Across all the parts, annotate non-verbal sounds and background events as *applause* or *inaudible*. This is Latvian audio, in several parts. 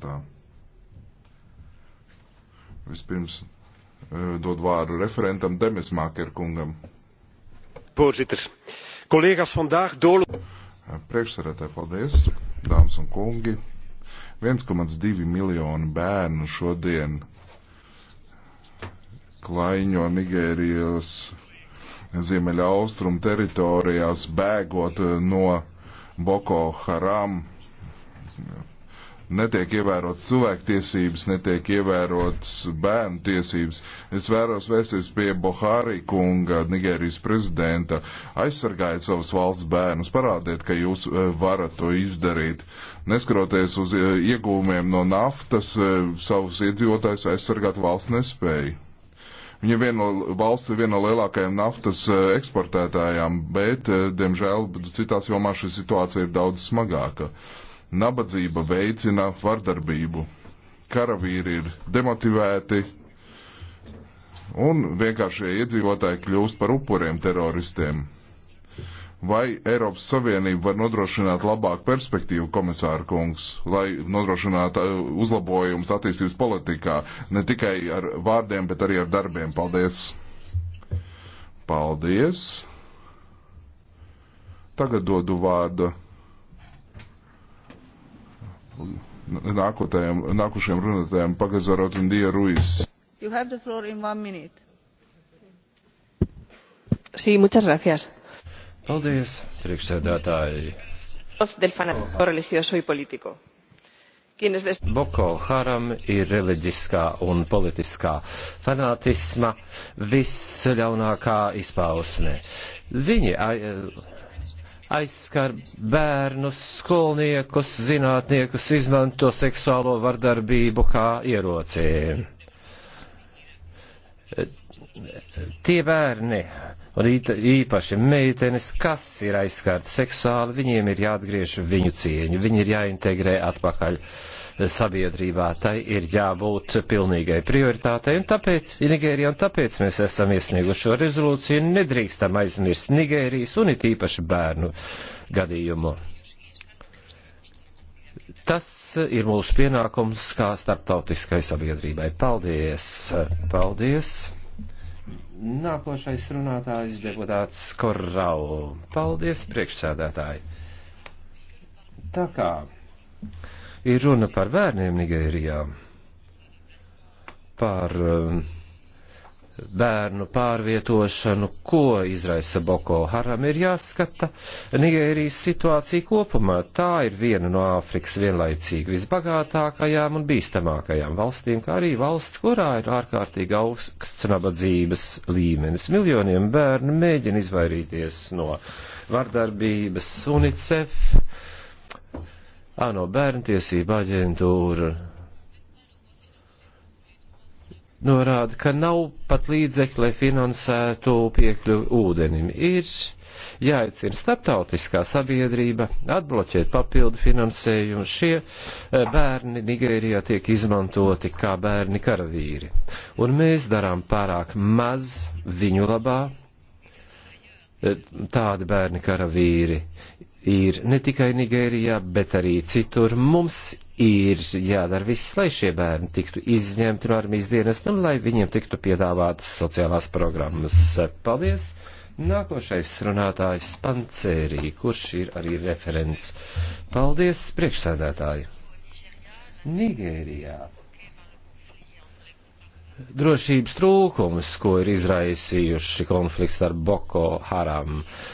Tā. Vispirms e, dod vārdu referentam Demis Māker kungam. Voorzitter, collega's vandaag doorl... E, priekšsarētāji, paldies, dāmas un kungi. 1,2 miljonu bērnu šodien klaiņo Nigērijas ziemeļa austrumu teritorijās, bēgot e, no Boko Haram netiek ievērotas cilvēktiesības, netiek ievērotas bērnu tiesības. Es vēros vērsties pie Bohārī kunga, Nigērijas prezidenta. Aizsargājiet savus valsts bērnus, parādiet, ka jūs e, varat to izdarīt. Neskaroties uz e, iegūmiem no naftas, e, savus iedzīvotājus aizsargāt valsts nespēja. Viņa vien no, valsts ir viena no lielākajām naftas eksportētājām, bet, diemžēl, citās jomās šī situācija ir daudz smagāka. Uh, Nabadzība veicina vardarbību. Karavīri ir demotivēti, un vienkāršie iedzīvotāji kļūst par upuriem teroristiem. Vai Eiropas Savienība var nodrošināt labāku perspektīvu, komisāra kungs, lai nodrošinātu uh, uzlabojumus attīstības politikā, ne tikai ar vārdiem, bet arī ar darbiem? Paldies! Paldies! Tagad dodu vārdu nākotējiem, nākušajiem runātājiem Pagazarot un Dija Ruiz. You have the floor in one minute. Sí, muchas gracias. Paldies, priekšsēdētāji. Del fanatismo religioso y político. Boko Haram ir reliģiskā un politiskā fanātisma visļaunākā izpausme. Viņi aizskar bērnus, skolniekus, zinātniekus, izmanto seksuālo vardarbību kā ierocī. Tie bērni, un īpaši meitenes, kas ir aizskārti seksuāli, viņiem ir jāatgriež viņu cieņu, viņi ir jāintegrē atpakaļ. Uh, sabiedrībā. Tai ir jābūt pilnīgai prioritātei, un tāpēc Nigērija, un tāpēc mēs esam iesnieguši šo rezolūciju, nedrīkstam aizmirst Nigērijas un it īpaši bērnu gadījumu. Tas ir mūsu pienākums kā starptautiskai sabiedrībai. Paldies! Paldies! Nākošais runātājs deputāts Korrau. Paldies, priekšsēdētāji! Tā kā ir runa par bērniem Nigērijā, par um, bērnu pārvietošanu, ko izraisa Boko Haram, ir jāskata Nigērijas situācija kopumā. Tā ir viena no Āfrikas vienlaicīgi visbagātākajām un bīstamākajām valstīm, kā arī valsts, kurā ir ārkārtīgi augsts nabadzības līmenis. Miljoniem bērnu mēģina izvairīties no vardarbības UNICEF ANO bērntiesība aģentūra norāda, ka nav pat līdzekļi, lai finansētu piekļuvi ūdenim. Ir jāicina starptautiskā sabiedrība atbloķēt papildu finansējumu. Šie eh, bērni Nigērijā tiek izmantoti kā bērni karavīri. Un mēs darām pārāk maz viņu labā. Eh, tādi bērni karavīri ir ne tikai Nigērijā, bet arī citur. Mums ir jādara viss, lai šie bērni tiktu izņemti no armijas dienesta un lai viņiem tiktu piedāvātas sociālās programmas. Paldies! Nākošais runātājs Pancērī, kurš ir arī referents. Paldies, priekšsēdētāji! Nigērijā drošības trūkums, ko ir izraisījuši konflikts ar Boko Haram. Uh,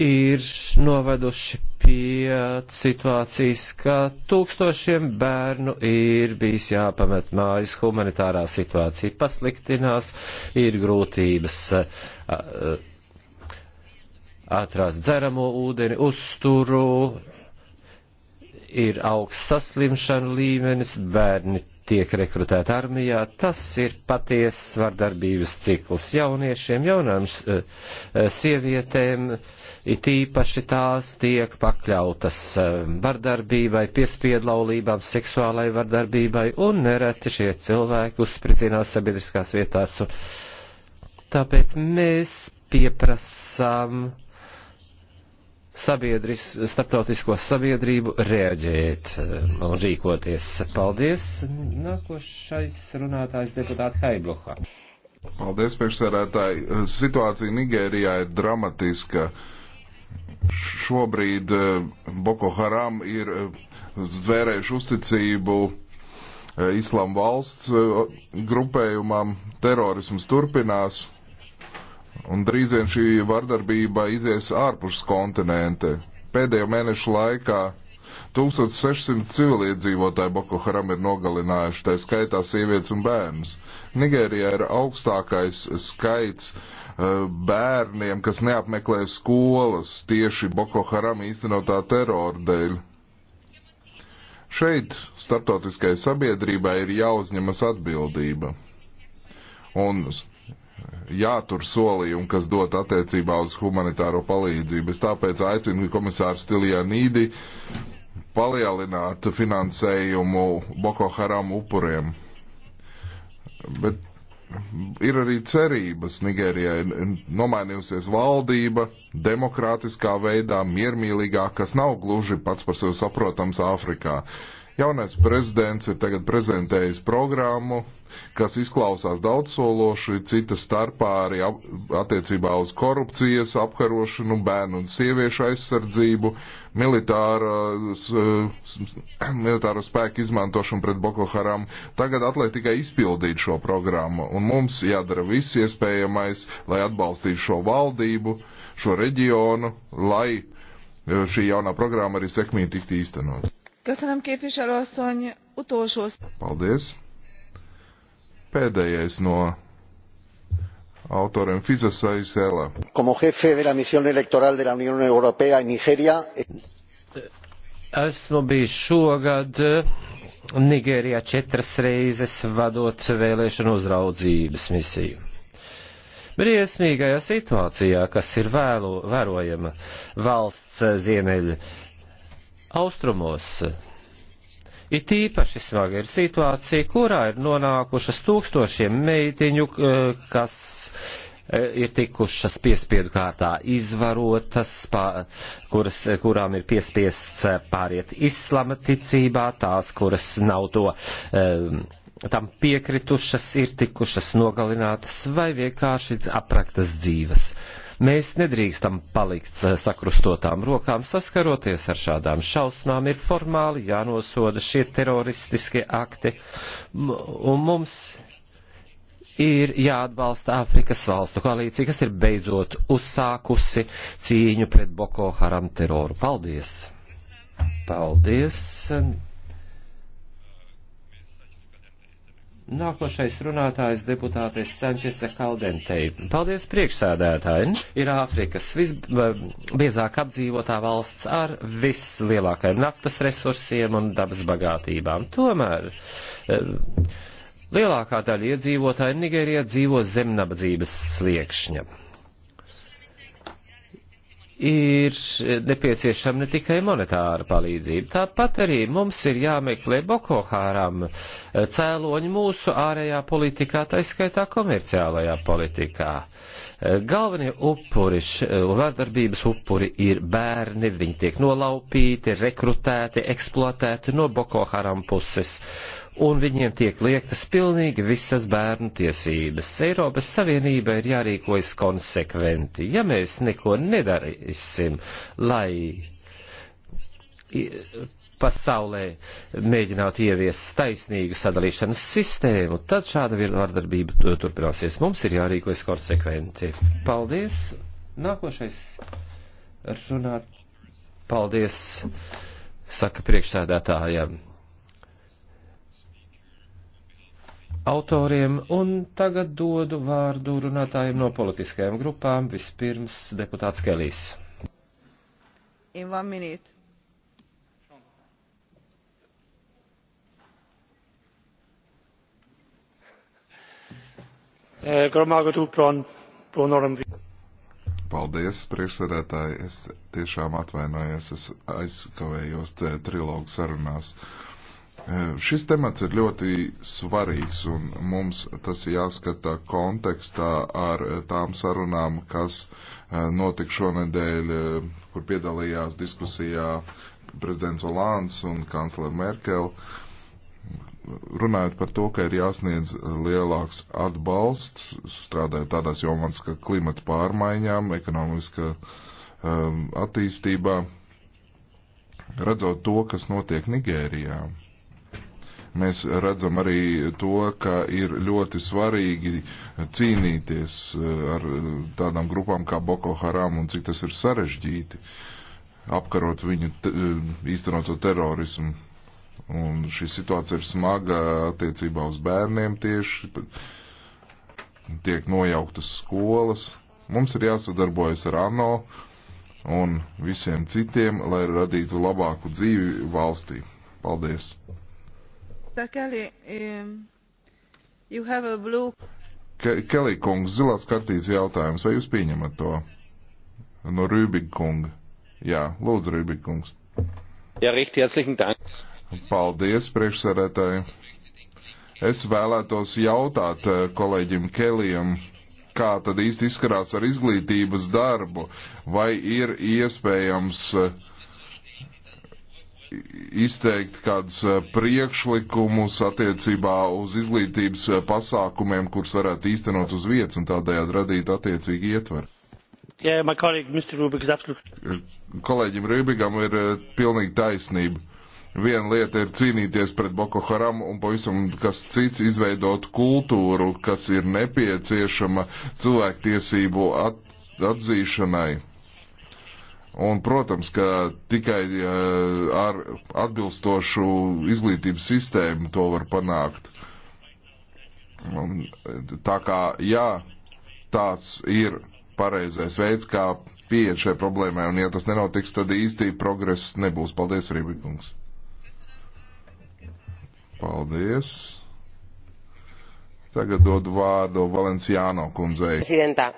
ir noveduši pie situācijas, ka tūkstošiem bērnu ir bijis jāpamet mājas, humanitārā situācija pasliktinās, ir grūtības atrast dzeramo ūdeni, uzturu, ir augsts saslimšana līmenis, bērni tiek rekrutēti armijā, tas ir patiesas vardarbības cikls jauniešiem, jaunām eh, eh, sievietēm, it īpaši tās tiek pakļautas eh, vardarbībai, piespiedlaulībām, seksuālai vardarbībai, un nereti šie cilvēki uzspridzinās sabiedriskās vietās. Un tāpēc mēs pieprasām sabiedris, starptautisko sabiedrību reaģēt um, un rīkoties. Paldies. Nākošais runātājs deputāti Haibluha. Paldies, priekšsēdētāji. Situācija Nigērijā ir dramatiska. Šobrīd um, Boko Haram ir um, zvērējuši uzticību uh, Islām valsts uh, grupējumam. Terorisms turpinās Un drīz vien šī vardarbība izies ārpus kontinente. Pēdējo mēnešu laikā 1600 civiliedzīvotāji Boko Haram ir nogalinājuši, tā skaitā sievietes un bērnus. Nigērijā ir augstākais skaits eh, bērniem, kas neapmeklē skolas tieši Boko Haram īstenotā terora dēļ. Šeit starptautiskai sabiedrībai ir jāuzņemas atbildība. Un jātur solījumi, kas dot attiecībā uz humanitāro palīdzību. Es tāpēc aicinu komisāru Stilijā Nīdi palielināt finansējumu Boko Haram upuriem. Bet ir arī cerības Nigērijai. Nomainījusies valdība demokrātiskā veidā, miermīlīgā, kas nav gluži pats par sevi saprotams Āfrikā. Uh, Jaunais prezidents ir tagad prezentējis programmu, kas izklausās daudzsološi, cita starpā arī ap, attiecībā uz korupcijas apkarošanu, bērnu un sieviešu aizsardzību, militāras, *clears throat* militāro spēku izmantošanu pret Boko Haram. Tagad atliek tikai izpildīt šo programmu, un mums jādara viss iespējamais, lai atbalstītu šo valdību, šo reģionu, lai e, šī jaunā programma arī sekmīgi tiktu īstenot. Köszönöm, képviselő asszony, utolsó. Paldies. Pēdējais no autoriem Fizas Aizela. Como jefe de la misión electoral de la Unión Europea en Nigeria. Esmu bijis šogad eh, Nigērijā četras reizes vadot vēlēšanu uzraudzības misiju. Briesmīgajā situācijā, kas ir vēlo, vērojama valsts eh, ziemeļa Austrumos It īpaši smaga ir situācija, kurā ir nonākušas tūkstošiem meitiņu, kas e, ir tikušas piespiedu kārtā izvarotas, pā, kuras, kurām ir piespiests e, pāriet islama ticībā, tās, kuras nav to um, tam piekritušas, ir tikušas nogalinātas vai vienkārši apraktas dzīves. Mēs nedrīkstam palikt sakrustotām rokām, saskaroties ar šādām šausmām, ir formāli jānosoda šie teroristiskie akti, un mums ir jāatbalsta Āfrikas valstu koalīcija, kas ir beidzot uzsākusi cīņu pret Boko Haram teroru. Paldies! Paldies! Nākošais runātājs deputātais Sančesa Kaldentei. Paldies priekšsēdētāji. Ir Āfrikas visbiezāk apdzīvotā valsts ar vislielākajiem naftas resursiem un dabas bagātībām. Tomēr e, lielākā daļa iedzīvotāji Nigērijā dzīvo zem nabadzības sliekšņa ir nepieciešama ne tikai monetāra palīdzība. Tāpat arī mums ir jāmeklē Boko Haram eh, cēloņi mūsu ārējā politikā, taiskaitā komerciālajā politikā. Eh, galvenie upuri, eh, vardarbības upuri ir bērni, viņi tiek nolaupīti, rekrutēti, eksploatēti no Boko Haram puses un viņiem tiek liektas pilnīgi visas bērnu tiesības. Eiropas Savienība ir jārīkojas konsekventi. Ja mēs neko nedarīsim, lai pasaulē mēģinātu ieviest taisnīgu sadalīšanas sistēmu, tad šāda vardarbība turpināsies. Mums ir jārīkojas konsekventi. Paldies! Nākošais runāt. Paldies, saka priekšsēdētājiem. autoriem, un tagad dodu vārdu runātājiem no politiskajām grupām. Vispirms deputāts Kelijs. In one minute. Paldies, priekšsēdētāji. Es tiešām atvainojos, es aizkavējos eh, trilogu sarunās. Uh, Šis temats ir ļoti svarīgs, un mums tas jāskatā kontekstā ar tām sarunām, kas notika šonedēļ, kur piedalījās diskusijā prezidents Olāns un kanclere Merkel. Runājot par to, ka ir jāsniedz lielāks atbalsts, strādājot tādās jomās kā klimata pārmaiņām, ekonomiska um, attīstībā, redzot to, kas notiek Nigērijā mēs redzam arī to, ka ir ļoti svarīgi cīnīties eh, ar eh, tādām grupām kā Boko Haram un cik tas ir sarežģīti apkarot viņu te, eh, īstenoto terorismu. Un šī situācija ir smaga attiecībā uz bērniem tieši, tiek nojauktas skolas. Mums ir jāsadarbojas ar ANO, un visiem citiem, lai radītu labāku dzīvi valstī. Paldies! Um, Ke Kelī kungs, zilās kartītes jautājums, vai jūs pieņemat to? No Rībika kunga. Jā, lūdzu, Rībika kungs. Jā, rīkti, herzlichen dank. Paldies, priekšsarētāji. Es vēlētos jautāt eh, kolēģim Kelijam, kā tad īsti izskarās ar izglītības darbu, vai ir iespējams uh, izteikt kādus eh, priekšlikumus attiecībā uz izglītības eh, pasākumiem, kurus varētu īstenot uz vietas un tādējādi radīt attiecīgi ietveru. Yeah, absolutely... Eh, kolēģim Rībigam ir pilnīgi taisnība. Viena lieta ir cīnīties pret Boko Haram un pavisam kas cits izveidot kultūru, kas ir nepieciešama cilvēktiesību at atzīšanai Un, protams, ka tikai eh, ar atbilstošu izglītības sistēmu to var panākt. Un, eh, tā kā, jā, tāds ir pareizais veids, kā pieeja šai problēmai, un ja tas nenotiks, tad īsti progress nebūs. Paldies, Rībikungs. Paldies. Tagad dodu vārdu Valenciāno kundzei. Presidentā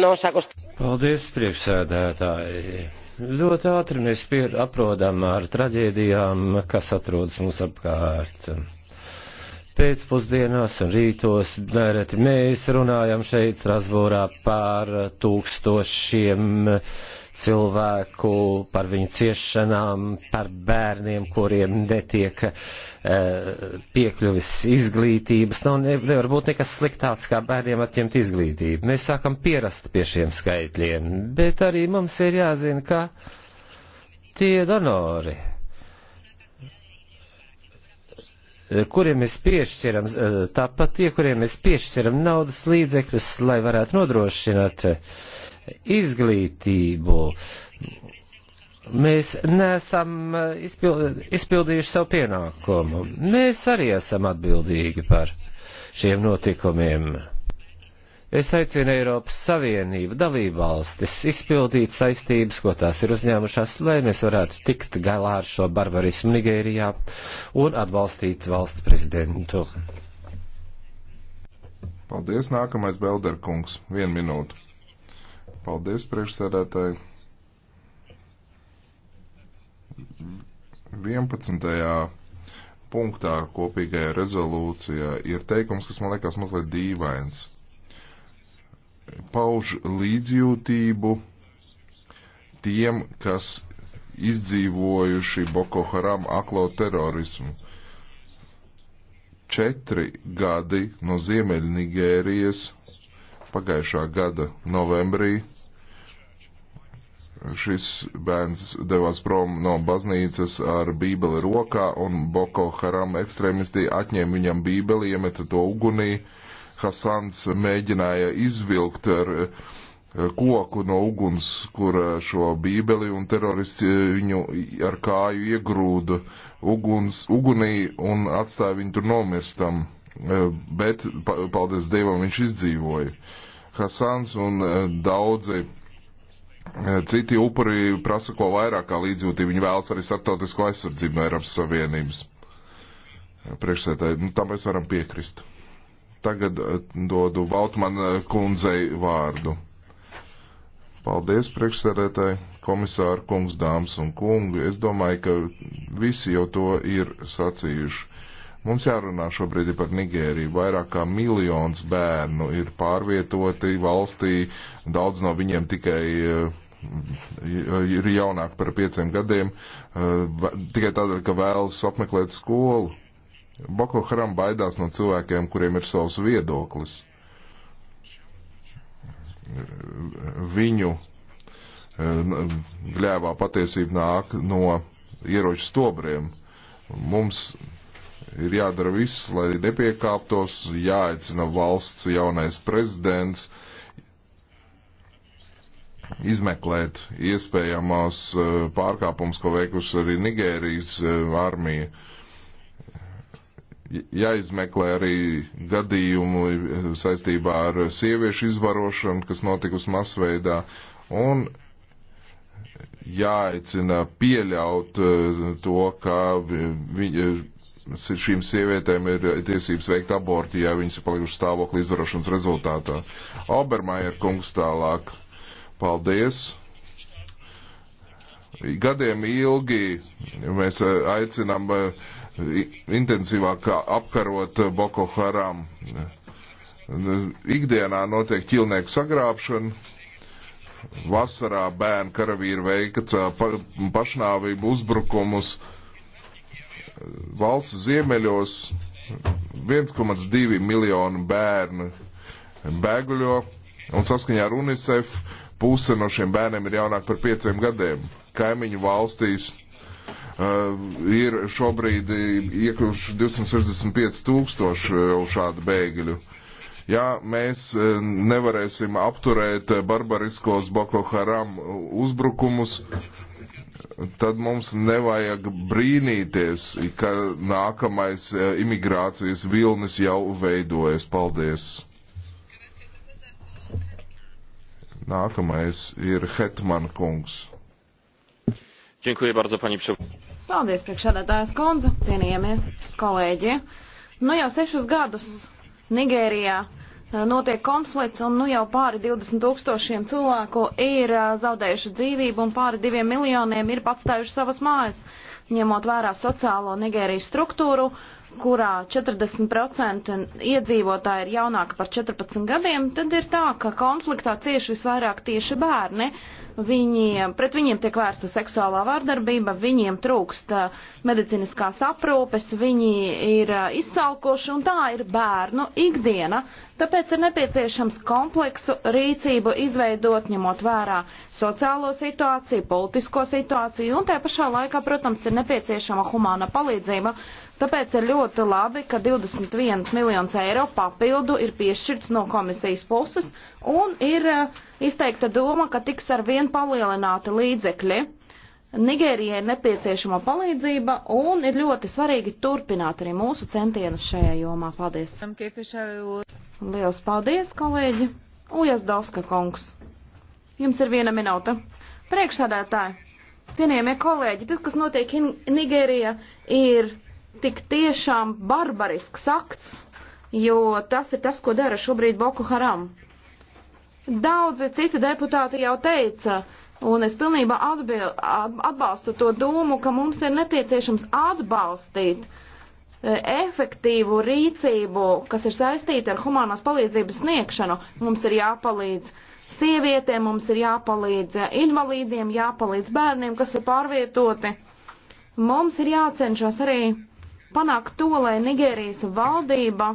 nos acostumbramos. Paldies, priekšsēdētāji. Ļoti ātri mēs aprodam ar traģēdijām, kas atrodas mums apkārt. Pēcpusdienās un rītos nereti mēs runājam šeit Strasbūrā par tūkstošiem uh, cilvēku, par viņu ciešanām, par bērniem, kuriem netiek uh, piekļuvis izglītības. Nav, ne, nevar būt nekas sliktāks, kā bērniem atņemt izglītību. Mēs sākam pierast pie šiem skaitļiem, bet arī mums ir jāzina, ka tie donori, eh, kuriem mēs piešķiram, eh, tāpat tie, kuriem mēs piešķiram naudas līdzekļus, lai varētu nodrošināt izglītību. Mēs neesam eh, izpildījuši savu pienākumu. Mēs arī esam atbildīgi par šiem notikumiem. Es aicinu Eiropas Savienību dalībvalstis izpildīt saistības, ko tās ir uzņēmušās, lai mēs varētu tikt galā ar šo barbarismu Nigērijā un atbalstīt valsts prezidentu. Paldies, nākamais Belderkungs. Vienu minūtu. Paldies, priekšsēdētāji. 11. punktā kopīgajā rezolūcijā ir teikums, kas man liekas mazliet dīvains. Pauž līdzjūtību tiem, kas izdzīvojuši Boko Haram aklo terorismu. Četri gadi no Ziemeļnigērijas Pagājušā gada novembrī šis bērns devās prom no baznīcas ar bībeli rokā un Boko Haram ekstrēmisti atņēma viņam bībeli, iemeta to ugunī. Hasans mēģināja izvilkt ar eh, koku no uguns, kur eh, šo bībeli un teroristi eh, viņu ar kāju iegrūda uguns, ugunī un atstāja viņu tur nomirstam. Eh, bet, paldies Dievam, viņš izdzīvoja. Hasans un eh, daudzi eh, citi upuri prasa ko vairāk kā līdzjūtību. Viņi vēlas arī starptautisko aizsardzību no Eiropas Savienības. Priekšsētāji, nu, tam mēs varam piekrist. Tagad dodu Valtman kundzei vārdu. Paldies, priekšsēdētāji, komisāri, kungs, dāmas un kungi. Es domāju, ka visi jau to ir sacījuši Mums jārunā šobrīd par Nigēriju. Vairāk kā miljons bērnu ir pārvietoti valstī, daudz no viņiem tikai eh, ir jaunāk par pieciem gadiem, eh, tikai tādēļ, ka vēlas apmeklēt skolu. Boko Haram baidās no cilvēkiem, kuriem ir savs viedoklis. Viņu eh, gļēvā patiesība nāk no ieroču stobriem. Mums Ir jādara viss, lai nepiekāptos, jāaicina valsts jaunais prezidents izmeklēt iespējamās eh, pārkāpumus, ko veikusi arī Nigērijas eh, armija. Jāizmeklē arī gadījumi eh, saistībā ar sieviešu izvarošanu, kas notikusi masveidā, un jāaicina pieļaut to, ka vi, šīm sievietēm ir uh, tiesības veikt abortu, ja viņas ir palikušas stāvokli izvarošanas rezultātā. Obermajer kungs tālāk. Paldies! Gadiem ilgi mēs uh, aicinām uh, intensīvāk apkarot Boko Haram. Ikdienā notiek ķilnieku sagrābšana, vasarā bērnu karavīri veica pašnāvību uzbrukumus. Uh, valsts ziemeļos 1,2 miljonu bērnu bēguļo, un saskaņā ar UNICEF puse no šiem bērniem ir jaunāk par pieciem gadiem. Kaimiņu valstīs uh, ir šobrīd iekļuvuši 265 tūkstoši šādu bēgļu. Ja mēs uh, nevarēsim apturēt barbariskos Boko Haram uzbrukumus, uh, tad mums nevajag brīnīties, ka nākamais eh, imigrācijas vilnis jau veidojas. Paldies! Nākamais ir Hetman kungs. Dziękuję bardzo, pani przewodnicząca. Paldies, priekšsēdētājas kundze, cienījamie kolēģi. Nu jau sešus gadus Nigērijā Eh, notiek konflikts, un nu jau pāri 20 tūkstošiem cilvēku ir eh, zaudējuši dzīvību, un pāri diviem miljoniem ir patstājuši savas mājas, ņemot vērā sociālo Nigērijas struktūru. Uh, kurā 40% iedzīvotāji ir jaunāki par 14 gadiem, tad ir tā, ka konfliktā cieši visvairāk tieši bērni. Viņiem, pret viņiem tiek vērsta seksuālā vārdarbība, viņiem trūkst uh, medicīniskās aprūpes, viņi ir uh, izsalkoši un tā ir bērnu ikdiena. Tāpēc ir nepieciešams kompleksu rīcību izveidot, ņemot vērā sociālo situāciju, politisko situāciju un tā pašā laikā, protams, ir nepieciešama humāna palīdzība. Uh, Tāpēc ir ļoti labi, ka 21 miljonus eiro papildu ir piešķirts no komisijas puses un ir eh, izteikta doma, ka tiks ar vien palielināti līdzekļi. Nigērijai ir nepieciešama palīdzība un ir ļoti svarīgi turpināt arī mūsu centienus šajā jomā. Paldies! Lielas paldies, kolēģi! Ujas Dauska kungs! Jums ir viena minūte. Priekšsādātāji, cienījamie kolēģi, tas, kas notiek Nigērijā, ir tik tiešām barbarisks akts, jo tas ir tas, ko dara šobrīd Boku Haram. Daudzi citi deputāti jau teica, un es pilnībā atbil, atbalstu to domu, ka mums ir nepieciešams atbalstīt e, efektīvu rīcību, kas ir saistīta ar humanās palīdzības sniegšanu. Mums ir jāpalīdz sievietēm, mums ir jāpalīdz e, invalīdiem, jāpalīdz bērniem, kas ir pārvietoti. Mums ir jācenšas arī panākt to, lai Nigērijas valdība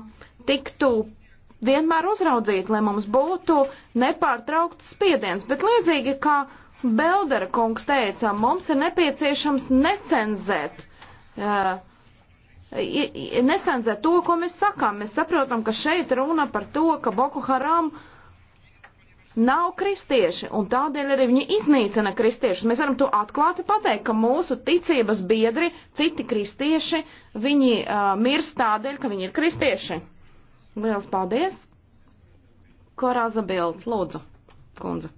tiktu vienmēr uzraudzīta, lai mums būtu nepārtraukts spiediens. Bet līdzīgi kā Beldera kungs teica, mums ir nepieciešams necenzēt. Uh, necenzēt to, ko mēs sakām. Mēs saprotam, ka šeit runa par to, ka Boku Haram uh, nav kristieši, un tādēļ arī viņi iznīcina kristiešus. Mēs varam to atklāti pateikt, ka mūsu ticības biedri, citi kristieši, viņi uh, mirst tādēļ, ka viņi ir kristieši. Liels paldies! Korāza Bild, lūdzu, kundze.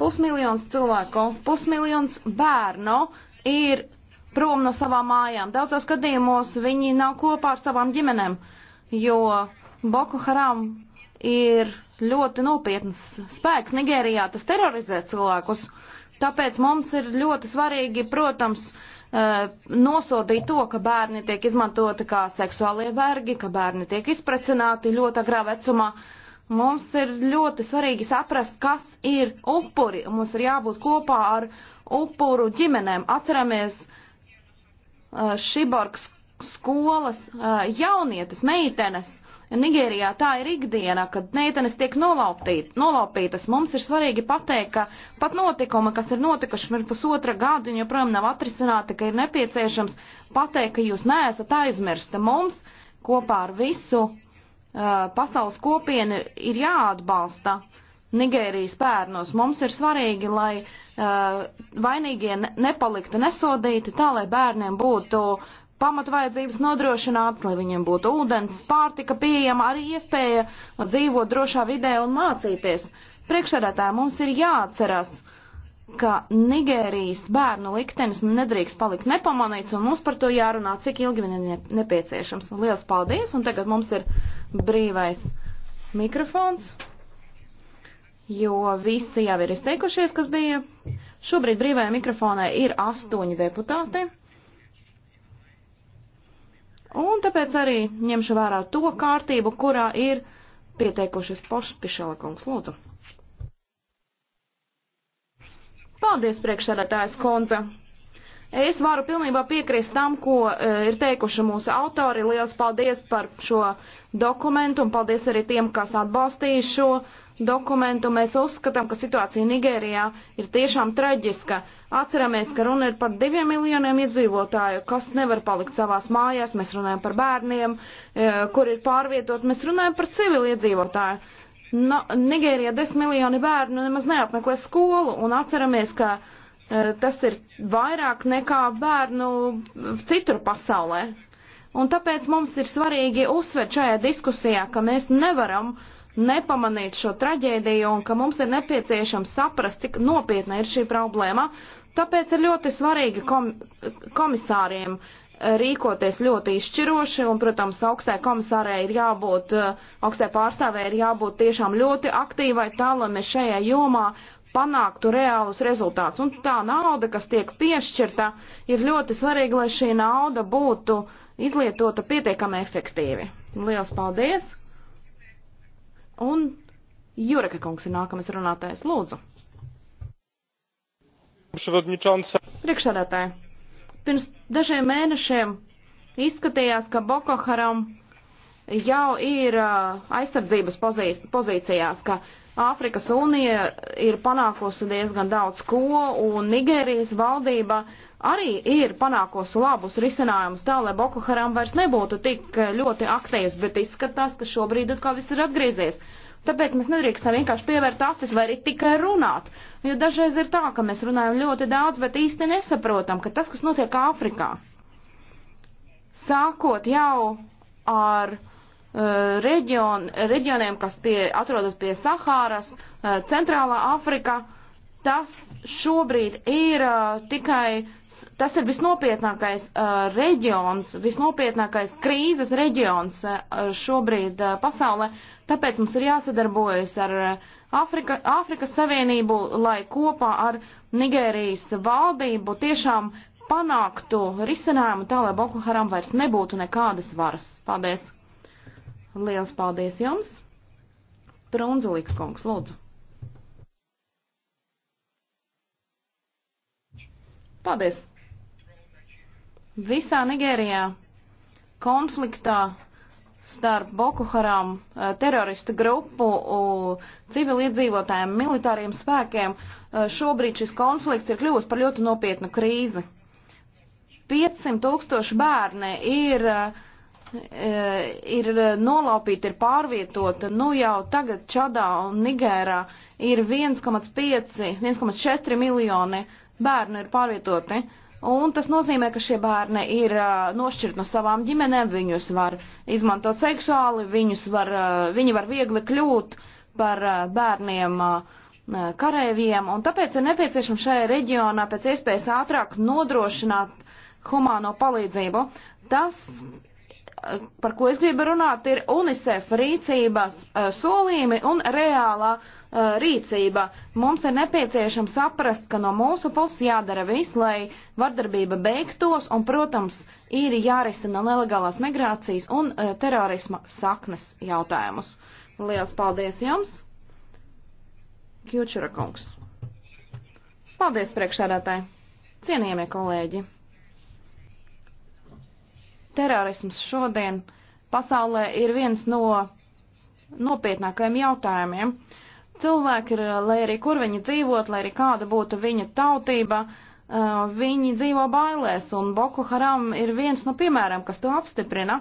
Pusmiljons cilvēku, pusmiljons bērnu ir prom no savām mājām. Daudzos gadījumos viņi nav kopā ar savām ģimenēm, jo Boko Haram ir ļoti nopietns spēks Nigērijā, tas terorizē cilvēkus. Tāpēc mums ir ļoti svarīgi, protams, eh, nosodīt to, ka bērni tiek izmantoti kā seksuālie vergi, ka bērni tiek izprecināti ļoti agrā vecumā. Mums ir ļoti svarīgi saprast, kas ir upuri. Mums ir jābūt kopā ar upuru ģimenēm. Atceramies eh, Šiborgs skolas eh, jaunietes, meitenes, Nigērijā tā ir ikdiena, kad meitenes tiek nolauptīt, nolaupītas. Mums ir svarīgi pateikt, ka pat notikuma, kas ir notikuši pirms pusotra gada, joprojām nav atrisināti, ka ir nepieciešams pateikt, ka jūs neesat aizmirsta. Mums kopā ar visu uh, pasaules kopienu ir jāatbalsta Nigērijas pērnos. Mums ir svarīgi, lai uh, vainīgie nepaliktu nesodīti, tā lai bērniem būtu uh, pamatvajadzības nodrošināts, lai viņiem būtu ūdens, pārtika pieejama, arī iespēja dzīvot drošā vidē un mācīties. Priekšsēdētāji mums ir jāatcerās, ka Nigērijas bērnu liktenis nedrīkst palikt nepamanīts, un mums par to jārunā, cik ilgi viņam nepieciešams. Lielas paldies, un tagad mums ir brīvais mikrofons, jo visi jau ir izteikušies, kas bija. Šobrīd brīvajā mikrofonā ir astoņi deputāti. Un tāpēc arī ņemšu vērā to kārtību, kurā ir pieteikušies Pošs Pišelakungs. Lūdzu. Paldies, priekšsēdētājs Konza. Es varu pilnībā piekrist tam, ko e, ir teikuši mūsu autori. Lielas paldies par šo dokumentu un paldies arī tiem, kas atbalstīja šo dokumentu dokumentu, mēs uzskatām, ka situācija Nigērijā ir tiešām traģiska. Atceramies, ka runa ir par diviem miljoniem iedzīvotāju, kas nevar palikt savās mājās, mēs runājam par bērniem, e, kur ir pārvietot, mēs runājam par civiliedzīvotāju. No, Nigērijā desmit miljoni bērnu nemaz neapmeklē skolu, un atceramies, ka e, tas ir vairāk nekā bērnu citur pasaulē. Un tāpēc mums ir svarīgi uzsvērt šajā diskusijā, ka mēs nevaram nepamanīt šo traģēdiju un ka mums ir nepieciešams saprast, cik nopietna ir šī problēma. Tāpēc ir ļoti svarīgi kom komisāriem eh, rīkoties ļoti izšķiroši, un, protams, augstai komisārei ir jābūt, eh, augstai pārstāvē ir jābūt tiešām ļoti aktīvai tā, lai mēs šajā jomā panāktu reālus rezultātus. Un tā nauda, kas tiek piešķirta, ir ļoti svarīga, lai šī nauda būtu uh, izlietota pietiekami efektīvi. Lielas paldies! Un Jureka kungs ir nākamais runātājs. Lūdzu! Priekšsēdētāji, pirms dažiem mēnešiem izskatījās, ka Boko Haram jau ir uh, aizsardzības pozīcijās, ka Āfrikas Unija ir panākusi diezgan daudz ko, un Nigērijas valdība arī ir panākusi labus risinājumus tā, lai Boko Haram vairs nebūtu tik eh, ļoti aktīvs, bet izskatās, ka šobrīd atkal viss ir atgriezies. Tāpēc mēs nedrīkstam vienkārši pievērt acis vai arī tikai runāt. Jo dažreiz ir tā, ka mēs runājam ļoti daudz, bet īsti nesaprotam, ka tas, kas notiek Āfrikā, sākot jau ar uh, reģion, reģioniem, kas pie, atrodas pie Sahāras, uh, eh, Centrālā Āfrika, uh, tas šobrīd ir uh, tikai, tas ir visnopietnākais uh, reģions, visnopietnākais krīzes reģions uh, šobrīd uh, pasaulē, tāpēc mums ir jāsadarbojas ar Āfrika, uh, Āfrikas Savienību, lai kopā ar Nigērijas valdību tiešām panāktu risinājumu tā, lai Boku Haram vairs nebūtu nekādas varas. Paldies! Liels paldies jums! Prunzulīks kungs, lūdzu! Paldies! Visā Nigērijā konfliktā starp Boko Haram eh, terorista grupu, eh, civiliedzīvotājiem, militāriem spēkiem eh, šobrīd šis konflikts ir kļuvis par ļoti nopietnu krīzi. 500 tūkstoši bērni ir, ir nolaupīti, ir pārvietoti. Nu jau tagad Čadā un Nigērā ir 1,5, 1,4 miljoni bērnu ir pārvietoti. Un tas nozīmē, ka šie bērni ir uh, nošķirt no savām ģimenēm, viņus var izmantot seksuāli, viņus var, uh, viņi var viegli kļūt par uh, bērniem uh, karēviem, un tāpēc ir nepieciešams šajā reģionā pēc iespējas ātrāk nodrošināt humāno palīdzību. Tas, par ko es gribu runāt, ir UNICEF rīcības uh, solījumi un reālā uh, Uh, rīcība. Mums ir nepieciešams saprast, ka no mūsu puses jādara viss, lai vardarbība beigtos, un, protams, ir jārisina nelegālās migrācijas un uh, terorisma saknes jautājumus. Lielas paldies jums! Kjučura kungs. Paldies priekšsēdētāji! Cienījamie kolēģi! Terorisms šodien pasaulē ir viens no nopietnākajiem jautājumiem. Uh, Cilvēki ir, lai arī kur viņi dzīvot, lai arī kāda būtu viņa tautība, viņi dzīvo bailēs, un Boku Haram ir viens no piemēram, kas to apstiprina.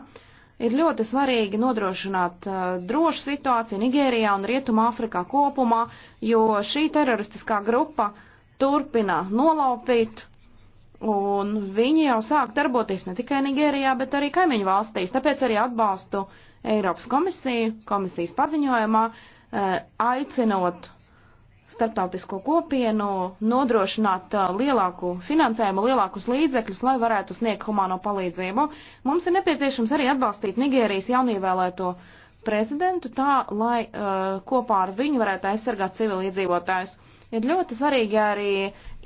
Ir ļoti svarīgi nodrošināt drošu situāciju Nigērijā un Rietumā Afrikā kopumā, jo šī teroristiskā grupa turpina nolaupīt Un viņi jau sāk darboties ne tikai Nigērijā, bet arī kaimiņu valstīs. Tāpēc arī atbalstu Eiropas komisiju, komisijas paziņojumā, Uh, aicinot starptautisko kopienu nodrošināt uh, lielāku finansējumu, lielākus līdzekļus, lai varētu sniegt humāno palīdzību. Mums ir nepieciešams arī atbalstīt Nigērijas jaunievēlēto prezidentu tā, lai uh, kopā ar viņu varētu aizsargāt civiliedzīvotājus. Ir ļoti svarīgi arī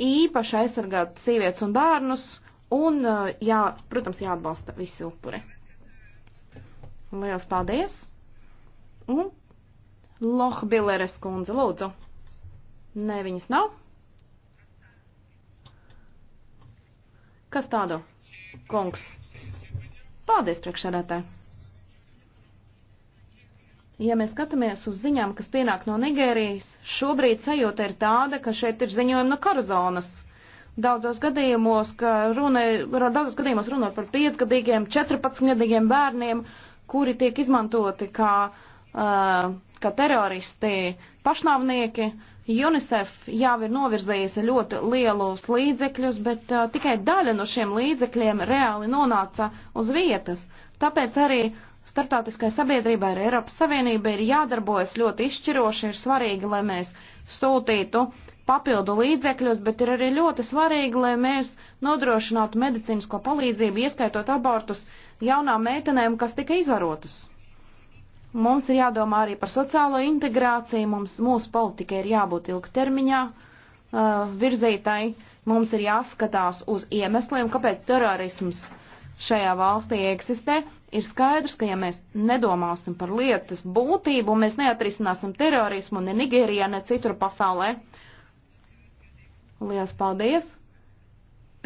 īpaši aizsargāt sievietes un bērnus un, uh, jā, protams, jāatbalsta visi upuri. Lielas paldies! Un Lohbilleres kundze, lūdzu. Nē, viņas nav. Kas tādu? Kungs. Paldies, priekšsēdētāji. Ja mēs skatāmies uz ziņām, kas pienāk no Nigērijas, šobrīd sajūta ir tāda, ka šeit ir ziņojumi no karazonas. Daudzos gadījumos, ka runa, daudzos gadījumos runa par 5-gadīgiem, 14-gadīgiem bērniem, kuri tiek izmantoti kā uh, ka teroristi, pašnāvnieki, UNICEF jau ir novirzījusi ļoti lielus līdzekļus, bet uh, tikai daļa no šiem līdzekļiem reāli nonāca uz vietas. Tāpēc arī starptautiskai sabiedrībai ar Eiropas Savienību ir jādarbojas ļoti izšķiroši, ir svarīgi, lai mēs sūtītu papildu līdzekļus, bet ir arī ļoti svarīgi, lai mēs nodrošinātu medicīnisko palīdzību, ieskaitot abortus jaunām meitenēm, kas tika izvarotas. Mums ir jādomā arī par sociālo integrāciju, mums mūsu politika ir jābūt ilgtermiņā uh, virzītai, mums ir jāskatās uz iemesliem, kāpēc terorisms šajā valstī eksistē. Ir skaidrs, ka ja mēs nedomāsim par lietas būtību, mēs neatrisināsim terorismu ne Nigērijā, ne citur pasaulē. Lielas paldies!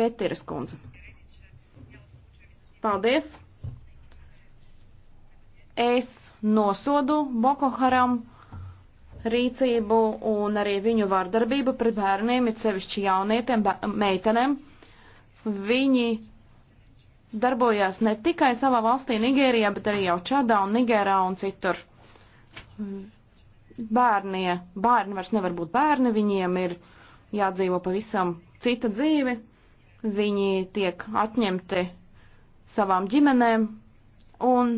Petiras kundze. Paldies! Es nosodu Boko Haram rīcību un arī viņu vardarbību pret bērniem, it sevišķi jaunietiem, meitenēm. Viņi darbojās ne tikai savā valstī Nigērijā, bet arī jau Čadā un Nigērā un citur. Bērnie, bērni vairs nevar būt bērni, viņiem ir jādzīvo pavisam cita dzīve, viņi tiek atņemti savām ģimenēm un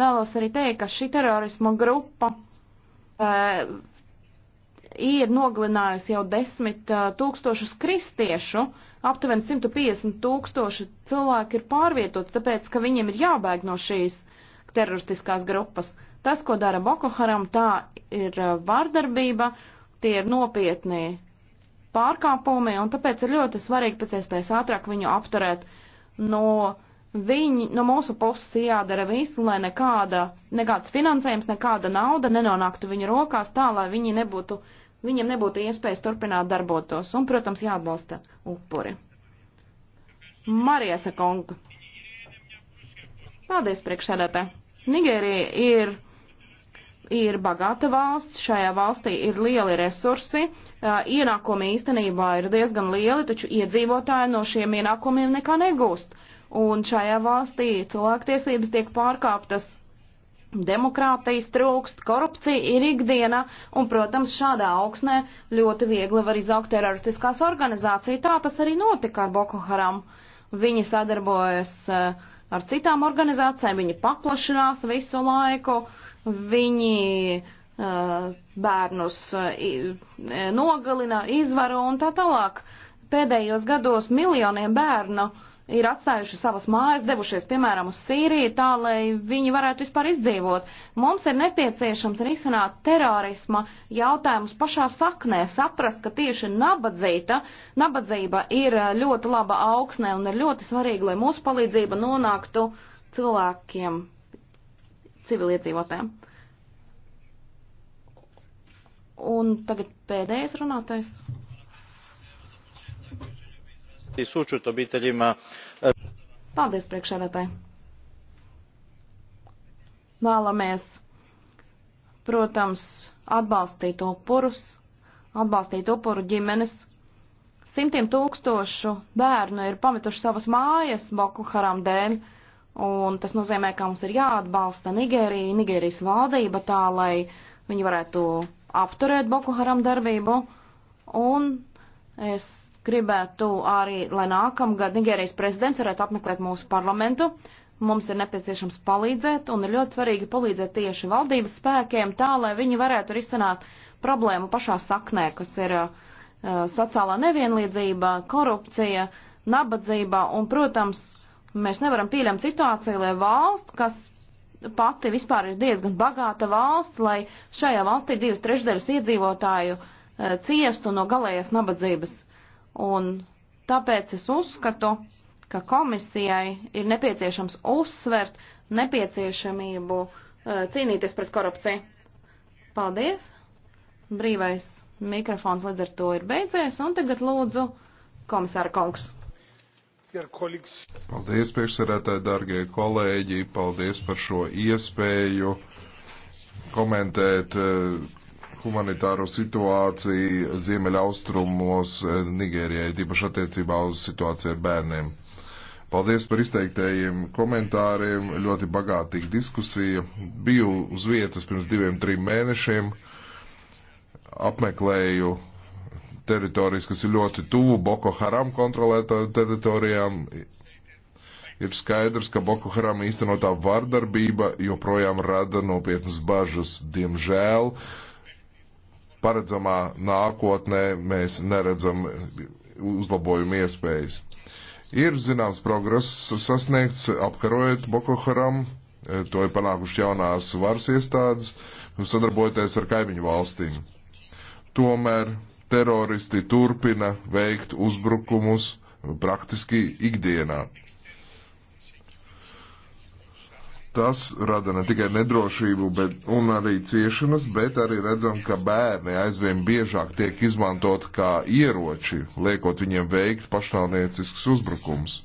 Vēlos arī teikt, ka šī terorisma grupa uh, ir nogalinājusi jau desmit uh, tūkstošus kristiešu, aptuveni 150 tūkstoši cilvēki ir pārvietoti, tāpēc, ka viņiem ir jābēg no šīs teroristiskās grupas. Tas, ko dara Boko Haram, tā ir uh, vārdarbība, tie ir nopietni pārkāpumi, un tāpēc ir ļoti svarīgi pēc iespējas ātrāk viņu apturēt no Viņi no mūsu puses jādara visu, lai nekāda, nekāds finansējums, nekāda nauda nenonāktu viņu rokās tā, lai viņi nebūtu, viņiem nebūtu iespējas turpināt darbotos. Un, protams, jāatbalsta upuri. Marija Sakonga. Paldies, priekšsēdētē. Nigērija ir ir bagāta valsts, šajā valstī ir lieli resursi, ienākumi īstenībā ir diezgan lieli, taču iedzīvotāji no šiem ienākumiem nekā negūst un šajā valstī cilvēktiesības tiek pārkāptas, demokrātijas trūkst, korupcija ir ikdiena, un, protams, šādā augsnē ļoti viegli var izaugt teroristiskās organizācija. Tā tas arī notika ar Boko Haram. Viņi sadarbojas eh, ar citām organizācijām, viņi paplašinās visu laiku, viņi eh, bērnus eh, nogalina, izvaro un tā tālāk. Pēdējos gados miljoniem bērnu uh, ir atstājuši savas mājas, devušies, piemēram, uz Sīriju, tā, lai viņi varētu vispār izdzīvot. Mums ir nepieciešams risināt terorisma jautājumus pašā saknē, saprast, ka tieši nabadzīta, nabadzība ir eh, ļoti laba augsnē un ir ļoti svarīgi, lai mūsu palīdzība nonāktu cilvēkiem, civiliedzīvotēm. Un tagad pēdējais runātais. Sučut obiteljima. Paldies, priekšsēdētāji. Vēlamies, protams, atbalstīt upurus, atbalstīt upuru ģimenes. Simtiem tūkstošu bērnu ir pametuši savas mājas Boku Haram dēļ, un tas nozīmē, ka mums ir jāatbalsta Nigērija, Nigērijas valdība tā, lai viņi varētu apturēt Boku Haram darbību, un es gribētu arī, lai nākamgad Nigērijas prezidents varētu apmeklēt mūsu parlamentu. Mums ir nepieciešams palīdzēt un ir ļoti svarīgi palīdzēt tieši valdības spēkiem tā, lai viņi varētu risināt problēmu pašā saknē, kas ir uh, sociālā nevienlīdzība, korupcija, nabadzība un, protams, mēs nevaram pieļemt situāciju, lai valsts, kas pati vispār ir diezgan bagāta valsts, lai šajā valstī divas trešdaļas iedzīvotāju uh, ciestu no galējas nabadzības. Un tāpēc es uzskatu, ka komisijai ir nepieciešams uzsvert nepieciešamību eh, cīnīties pret korupciju. Paldies! Brīvais mikrofons līdz ar to ir beidzies, un tagad lūdzu komisāra kungs. Paldies, priekšsarētāji, dargie kolēģi, paldies par šo iespēju komentēt eh, humanitāro situāciju Ziemeļaustrumos eh, Nigērijai, tīpaši attiecībā uz situāciju ar bērniem. Paldies par izteiktajiem komentāriem, ļoti bagātīga diskusija. Biju uz vietas pirms diviem, trim mēnešiem, apmeklēju teritorijas, kas ir ļoti tuvu Boko Haram kontrolētām teritorijām. Ir skaidrs, ka Boko Haram īstenotā vardarbība joprojām rada nopietnas bažas. Diemžēl paredzamā nākotnē mēs neredzam uzlabojumu iespējas. Ir zināms progress sasniegts, apkarojot Boko Haram, e, to ir panākuši jaunās varas iestādes, sadarbojoties ar kaimiņu valstīm. Tomēr teroristi turpina veikt uzbrukumus praktiski ikdienā. Tas rada ne tikai nedrošību bet, un arī ciešanas, bet arī redzam, ka bērni aizvien biežāk tiek izmantot kā ieroči, liekot viņiem veikt pašnāvniecisks uzbrukums.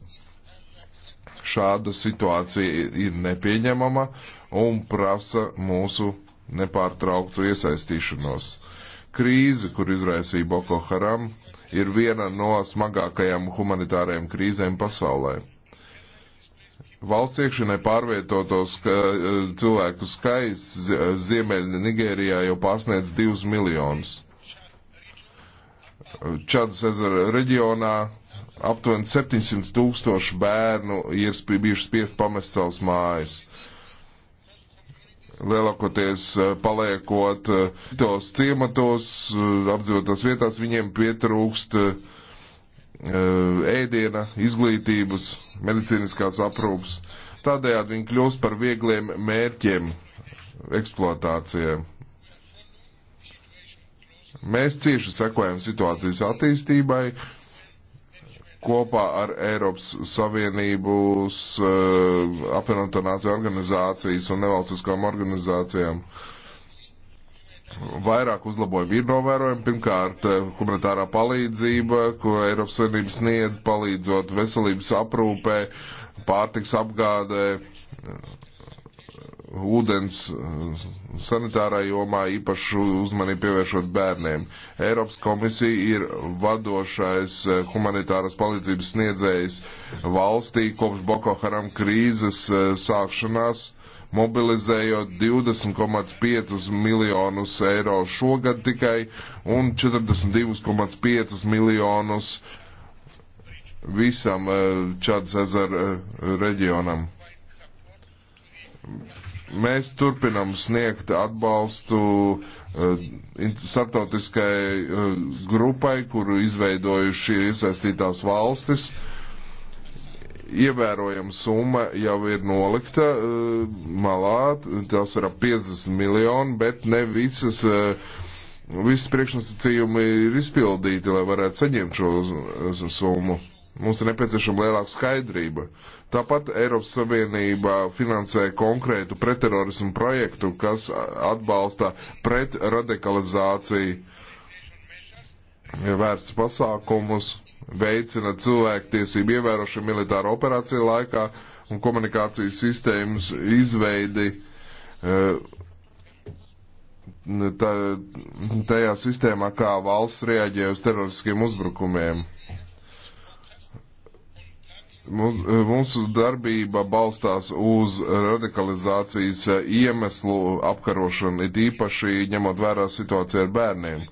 Šāda situācija ir nepieņemama un prasa mūsu nepārtrauktu iesaistīšanos. Krīze, kur izraisīja Boko Haram, ir viena no smagākajām humanitārajām krīzēm pasaulē valsts iekšienē pārvietotos e, cilvēku skaits e, Ziemeļa Nigērijā jau pārsniedz 2 miljonus. E, Čadas ezera reģionā aptuveni 700 tūkstoši bērnu ir bijuši spiest pamest savus mājas. Lielākoties paliekot tos ciematos, apdzīvotās vietās, viņiem pietrūkst uh, Eh, ēdiena, izglītības, medicīniskās aprūpas. Tādējādi viņi kļūst par viegliem mērķiem eksploatācijai. Mēs cieši sekojam situācijas attīstībai kopā ar Eiropas Savienības, eh, apvienoto nāciju organizācijas un nevalstiskām organizācijām. Uh, vairāk uzlabojumi ir novērojami. Pirmkārt, eh, humanitārā palīdzība, ko Eiropas Savienība sniedz, palīdzot veselības aprūpē, pārtiks apgādē, eh, ūdens eh, sanitārā jomā īpašu uzmanību pievēršot bērniem. Eiropas komisija ir vadošais humanitāras palīdzības sniedzējs valstī kopš Boko Haram krīzes sākšanās mobilizējot 20,5 miljonus eiro šogad tikai un 42,5 miljonus visam eh, Čads ezera eh, reģionam. Mēs turpinam sniegt atbalstu eh, starptautiskai grupai, kuru izveidojuši iesaistītās valstis. Uh, ievērojama summa jau ir nolikta eh, malā, tas ir ap 50 miljoni, bet ne visas, eh, visas priekšnosacījumi ir izpildīti, lai varētu saņemt šo summu. Mums ir nepieciešama lielāka skaidrība. Tāpat Eiropas Savienība finansē konkrētu pretterorismu projektu, kas atbalsta pretradikalizāciju vērsts pasākumus veicina cilvēktiesību ievērošanu militāru operāciju laikā un komunikācijas sistēmas izveidi eh, tā, tajā sistēmā, kā valsts reaģē uz teroristiskiem uzbrukumiem. Mūsu darbība balstās uz radikalizācijas eh, iemeslu apkarošanu, it īpaši ņemot vērā situāciju ar bērniem.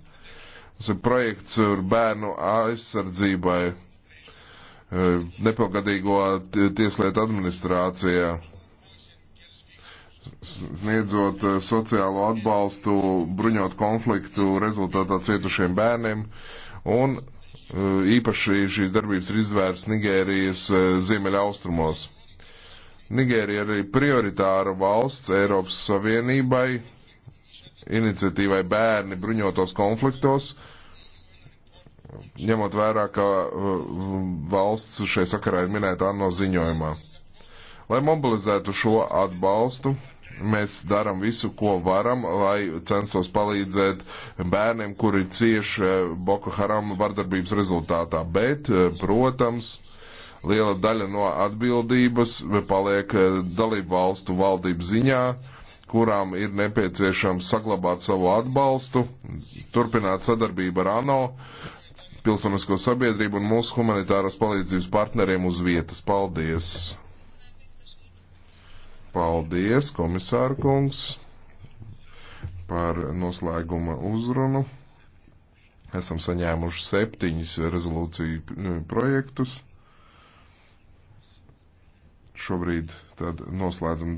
Tas ir projekts bērnu aizsardzībai eh, nepilngadīgo tieslietu administrācijā, sniedzot eh, sociālo atbalstu bruņot konfliktu rezultātā cietušiem bērniem. Un eh, īpaši šīs darbības ir izvērsts Nigērijas ziemeļa austrumos. Nigērija ir arī prioritāra valsts Eiropas Savienībai, iniciatīvai bērni bruņotos konfliktos, uh, ņemot vērā, ka uh, valsts šai sakarā ir minēta ANO ziņojumā. Lai mobilizētu šo atbalstu, mēs darām visu, ko varam, lai censtos palīdzēt bērniem, kuri cieši uh, Boko Haram vardarbības rezultātā. Bet, uh, protams, liela daļa no atbildības paliek dalību valstu valdību ziņā kurām ir nepieciešams saglabāt savu atbalstu, turpināt sadarbību ar ANO, pilsonisko sabiedrību un mūsu humanitāras palīdzības partneriem uz vietas. Paldies! Paldies, komisāra kungs, par noslēguma uzrunu. Esam saņēmuši septiņus rezolūciju nu, projektus. Šobrīd tad noslēdzam.